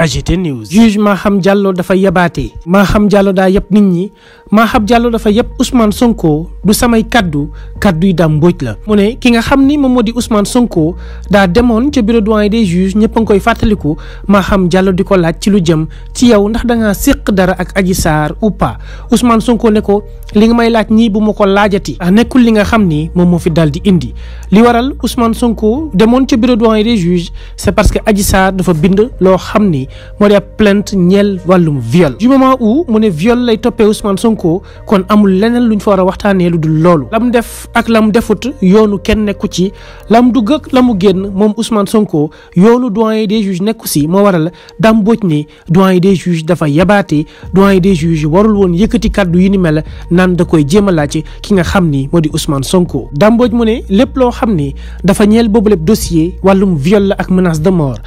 AGT News juge Maham Diallo dafa yabaate Maham Diallo daa yëpp nit ñi Maham Diallo dafa yëpp Ousmane Sonko du samay kaddu kaddu yi daam mbóoj la mu ne ki nga xam ni moom moo di usman Sonko daa demoon ca bureau doyen des juges ñëpp a ngi koy fàttaliku Maham Diallo di ko laaj ci lu jëm ci yow ndax da ngaa séq dara ak Adji Sarr ou pas Ousmane Sonko ne ko li nga may laaj nii bu ma ko laajati ah, nekkul li nga xam ni moom moo fi dal di indi li waral Ousmane Sonko demoon ca bureau doyen des juges c'est parce que Adji Sarr dafa bind loo xam ni moo di ab plainte ñeel wàllum viol du moment où mu ne lay toppee Ousmane Sonko kon amul leneen ñu fa war a waxtaanee lu dul loolu lam def ak lam defut yoonu kenn nekku ci lam dugg ak la mu génn moom Ousmane Sonko yoonu doyen des juges nekku si moo war waral Dame Mbodj ni doyen des juges dafa yabaate doyen des juges warul woon yëkkati kàddu yu ni mel nan da koy jéem a laaj ki nga xam ni moo di Ousmane Sonko dambooj Mbodj mu ne lépp loo xam ni dafa ñeel boobu lépp dossier wàllum viol la ak menace de mort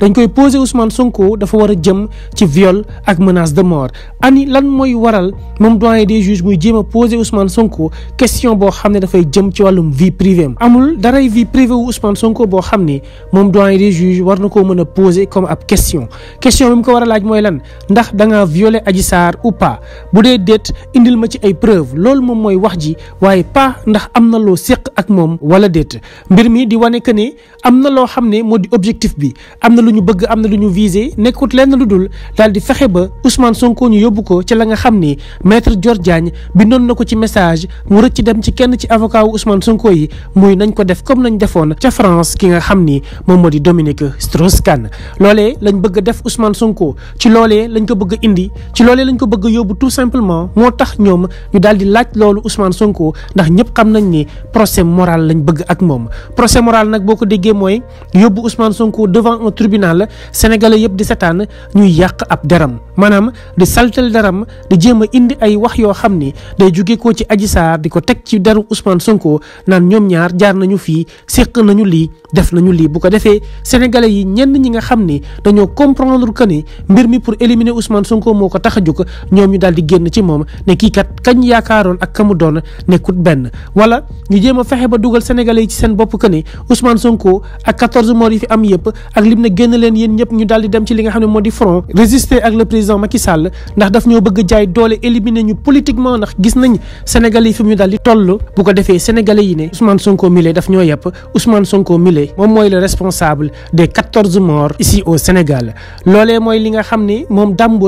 dañ koy posé Ousmane Sonko dafa war a jëm ci viole ak menace de mort ani lan mooy waral moom doyen des juges muy jéem a posé Ousmane Sonko question boo xam ne dafay jëm ci wàllum vie privée am amul daray vie privée wu Ousmane Sonko boo xam ne moom doyen des juges war na koo mën a posé comme ab question question bi mu ko war a laaj mooy lan ndax danga ngaa aji Adji Sarr pa bu dee déet indil ma ci ay preuve loolu moom mooy wax ji waaye pa ndax am na loo séq ak moom wala déet mbir mi di wane que ne am na loo xam ne moo di objectif bi am na lu ñu bëgg am na lu ñu visé nekkut lenn lu dul daal di fexe ba Ousmane Sonko ñu yóbbu ko ci la nga xam ni maître Dior Diagne bindoon na ko ci message mu rëcc dem ci kenn ci avocat wu Sonko yi muy nañ ko def comme nañ defoon ca France ki nga xam ni moom moo di Dominique Strauss-Kahn loolee lañ bëgg a def Ousmane Sonko ci loole lañ ko bëgg a indi ci loolee lañ ko bëgg yóbbu tout simplement moo tax ñoom ñu daal di laaj loolu Ousmane Sonko ndax ñëpp xam nañ ni procès moral lañ bëgg ak moom procès moral nag boo ko déggee mooy kanamu tribunal sénégalais yëpp di setaan ñuy yàq ab deram maanaam di saltel deram di jéem a indi ay wax yoo xam ni day jóge ko ci aji Sarr di ko teg ci deru Ousmane Sonko naan ñoom ñaar jaar nañu fii séq nañu lii def nañu lii bu ko defee sénégalais yi ñenn ñi nga xam ni dañoo comprendre que ni mbir mi pour éliminer Ousmane Sonko moo ko tax a jóg ñoom ñu daal di génn ci moom ne kii kat kañ yaakaaroon ak kamu doon nekkut benn wala ñu jéem a fexe ba dugal sénégalais yi ci seen bopp que ni Sonko ak 14 yi fi am yëpp ne génn leen yéen ñu daal di dem ci li nga xam ne moo di front résister ak le président Macky ndax daf ñoo bëgg jaay doole éliminer ñu politiquement ndax gis nañ sénégalais yi fi ñu daal di toll bu defee sénégalais yi ne Ousmane Sonko milé daf ñoo yepp Ousmane Sonko milé moom mooy le responsable des quatorze morts ici au Sénégal loolee mooy li nga xam ne moom Dame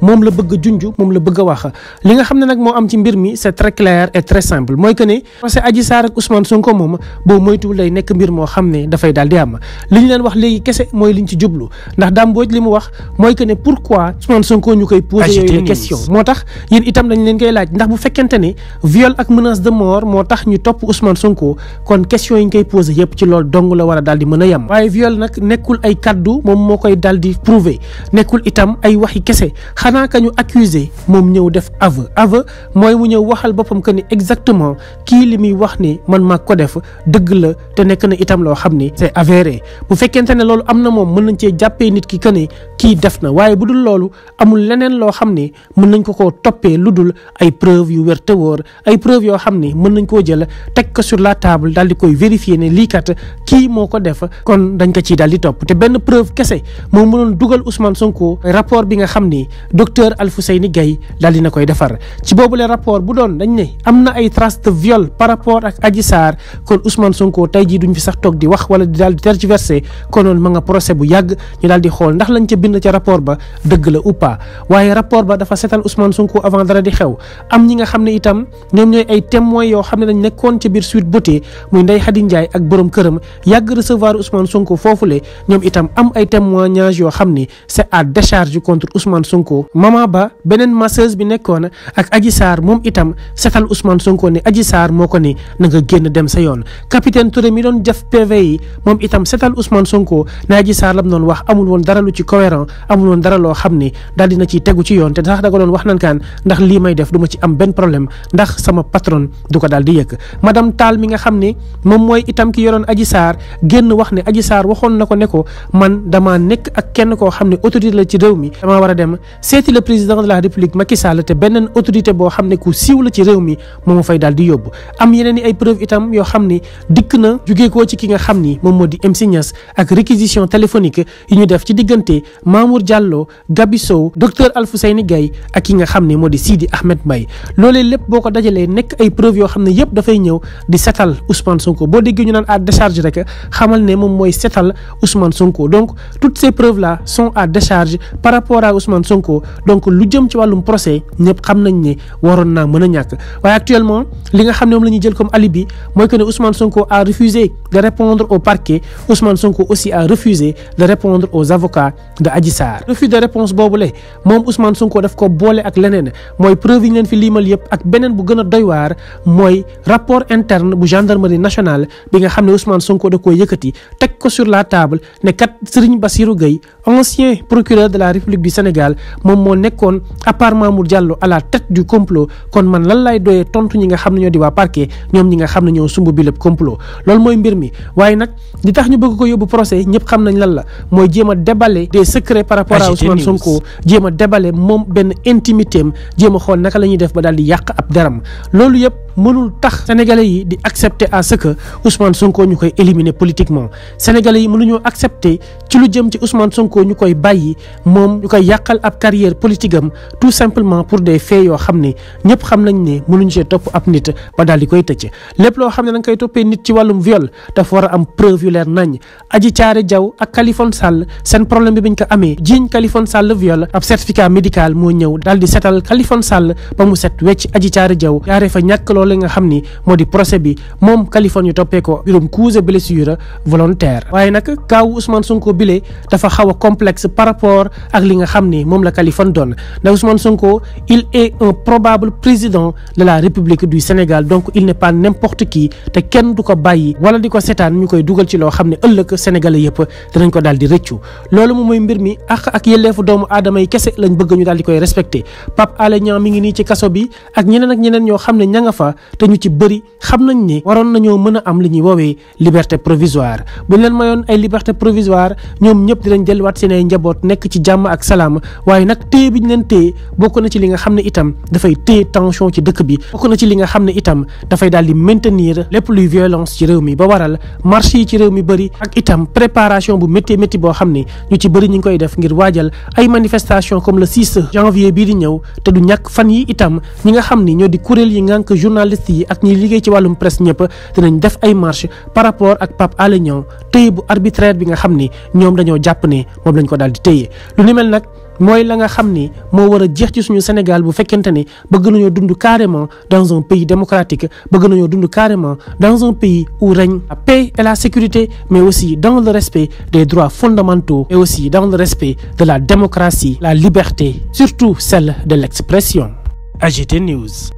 moom la bëgg a junj moom la bëgg a wax li xam ne nag moo am ci mbir mi et très simple mooy que ne procès Adji Sarr ak Ousmane Sonko moom boo moytu lay nekk mbir moo xam ne dafay daal di am ñu leen wax léegi kese mooy liñ ci jublu ndax Dame Mbodj li mu wax mooy que ne pourquoi Ousmane Sonko ñu koy poser yooyu question moo tax yéen itam dañ leen koy laaj ndax bu fekkente ne viol ak menace de mort moo tax ñu topp Ousmane Sonko kon question yi ñu koy poser yëpp ci loolu dong la war a daal di mën a yem waaye viol nag nekk nekkul ay kaddu moom moo koy dal di prouver nekkul itam ay waxi kese xanaa ka ñu accuser moom ñëw def aveu aveu mooy mu ñëw waxal boppam que ni exactement kii li muy wax ni man maa ko def dëgg la te nekk na itam loo xam ni c'est avéré bu fekkente ne loolu am na moom mën nañ cee jàppee nit ki que kii def na waaye bu dul loolu amul leneen loo xam ne mën nañ ko koo toppee lu dul ay preuve yu werte woor ay preuve yoo xam ne mën nañ koo jël teg ko sur la table daal di koy vérifier ne lii kat kii moo ko def kon dañ ko ciy daal di topp te benn preuve kese moo mënoon dugal Ousmane sunkoo rapport bi nga xam ni docteur Alfousseyni gay daal di na koy defar ci boobu boobule rapport bu doon dañ ne am na ay traces de viol par rapport ak Adji Sarr kon Ousmane sunkoo tey jii duñ fi sax toog di wax wala di daal di tergiverser konoon ma nga procès bu yàgg ñu daal di xool ndax lañ bind ca rapport ba dëgg la ou pas waaye rapport ba dafa setal Ousmane Sonko avant dara di xew am ñi nga xam ne itam ñoom ñooy ay témoins yoo xam ne na nga génn sa yoon capitaine Touré mi doon def PV yi moom itam setal Ousmane Sonko ne Adji Sarr lam noonu wax amul woon dara lu ci cohérent Coran amuloon dara loo xam ni daal dina ci tegu ci yoon te sax da ko doon wax nan kaan ndax lii may def du ma ci am benn problème ndax sama patron du ko daal di yëkk madame taal mi nga xam ne moom mooy itam ki yoroon Adji Sarr génn wax ne Adji saar waxoon na ko ne ko man damaa nekk ak kenn koo xam ne autorité la ci réew mi damaa war a dem le président de la république Macky Sall te beneen autorité boo xam ne ku siiw la ci réew mi moom fay daal di yóbbu am yeneen i ay preuve itam yoo xam ni dikk na jugee koo ci ki nga xam ni moom moo di MC ak réquisition téléphoniqu yi ñu def ci diggante Mamour Diallo Gabi Sow docteur Alfousseyni Gaye ak ki nga xam ne moo di Sidi Ahmed may loolee lépp boo ko dajalee nekk ay preuve yoo xam ne yëpp dafay ñëw di setal Ousmane Sonko boo déggee ñu naan a décharge rek xamal ne moom mooy setal Ousmane Sonko donc toutes ces preuves là son à décharge par rapport à Ousmane Sonko donc lu jëm ci wàllum procès ñëpp xam nañ ne waroon naa mën a ñàkk waaye actuellement li nga xam ne moom la ñuy jël comme alibi mooy que ne Ousmane Sonko a refusé de répondre au Sonko aussi a refusé de répondre aux Adji Sarr refus de réponse boobule moom Ousmane Sonko daf ko boole ak leneen mooy preuve ñu leen fi liimal yëpp ak beneen bu gën a doy waar mooy rapport interne bu gendarmerie nationale bi nga xam ne Ousmane Sonko da koo yëkkati teg ko sur la table ne kat Serigne Bassirou Gueye procureur de la République du Sénégal moom moo nekkoon apparemment Mamour Diallo à la du complot kon man lan doyee tontu ñi nga xam ne ñoo di parquet ñoom ñi nga xam ne secret par rapport à Ousmane Sonko jéem a débale moom benn intimité am jéem a xool naka la ñuy def ba daal di yàq ab deram loolu yëpp mënul tax sénégalais yi di accepter à ce que Ousmane Sonko ñu koy éliminer politiquement sénégalais yi mënuñoo accepter ci lu jëm ci Ousmane Sonko ñu koy bàyyi moom ñu koy yàqal ab carrière politique am tout simplement pour des faits yoo xam ne ñëpp xam nañ ne mënuñu see topp ab nit ba daal di koy tëcc lépp loo xam ne da nga koy toppee nit ci wàllum viol dafa war am preuve yu nañ aji caare jaw ak kalifon Sall seen problème bi biñ ko amee jiiñ kalifon Sall viol ab certificat médical moo ñëw daal di setal Kalifone Sall mu set wecc aji caare jaw loolu nga xam ni moo di procès bi moom Californie toppee ko mbirum coups et blessure volontaire waaye nag kaawu Ousmane Sonko bile dafa xaw a par rapport ak li nga xam ni moom la Californie doon ndax Ousmane Sonko il est un probable président la République du Sénégal donc il n'est pas n'importe qui te kenn du ko bàyyi wala di ko seetaan ñu koy dugal ci loo xam ne ëllëg sénégalais yëpp danañ ko daal di rëccu loolu moom mbir mi ak ak yelleefu doomu te ñu ci bëri xam nañ ni waroon nañoo mën a am li ñuy woowee liberté provisoire buñ leen mayoon ay liberté provisoire ñoom ñëpp dinañ delluwaat seen ay njaboot nekk ci jàmm ak salaam waaye nag téye bi ñu leen téye na ci li nga xam ne itam dafay téye tension ci dëkk bi bokk na ci li nga xam ne itam dafay daal di maintenir lépp luy violence ci réew mi ba waral marche yi ci réew mi bëri ak itam préparation bu métti métti boo xam ne ñu ci bëri ñu ngi koy def ngir waajal ay manifestation comme le 6 janvier bii di ñëw te du ñàkk fan yi nga xam journal journaliste ak ñiy liggéey ci wàllum presse ñëpp dinañ def ay marche par rapport ak Pape Alé Niang tëye bu arbitraire bi nga xam ni ñoom dañoo jàpp ne moom lañ ko daal di tëye lu ni nag mooy la nga xam ni moo war a jeex ci suñu Sénégal bu fekkente ni bëgg nañoo dund carrément dans un pays démocratique bëgg nañoo dund carrément dans un pays où paix et la sécurité mais aussi dans le respect des droits fondamentaux et aussi dans le respect de la démocratie la liberté surtout celle de l'expression AGT News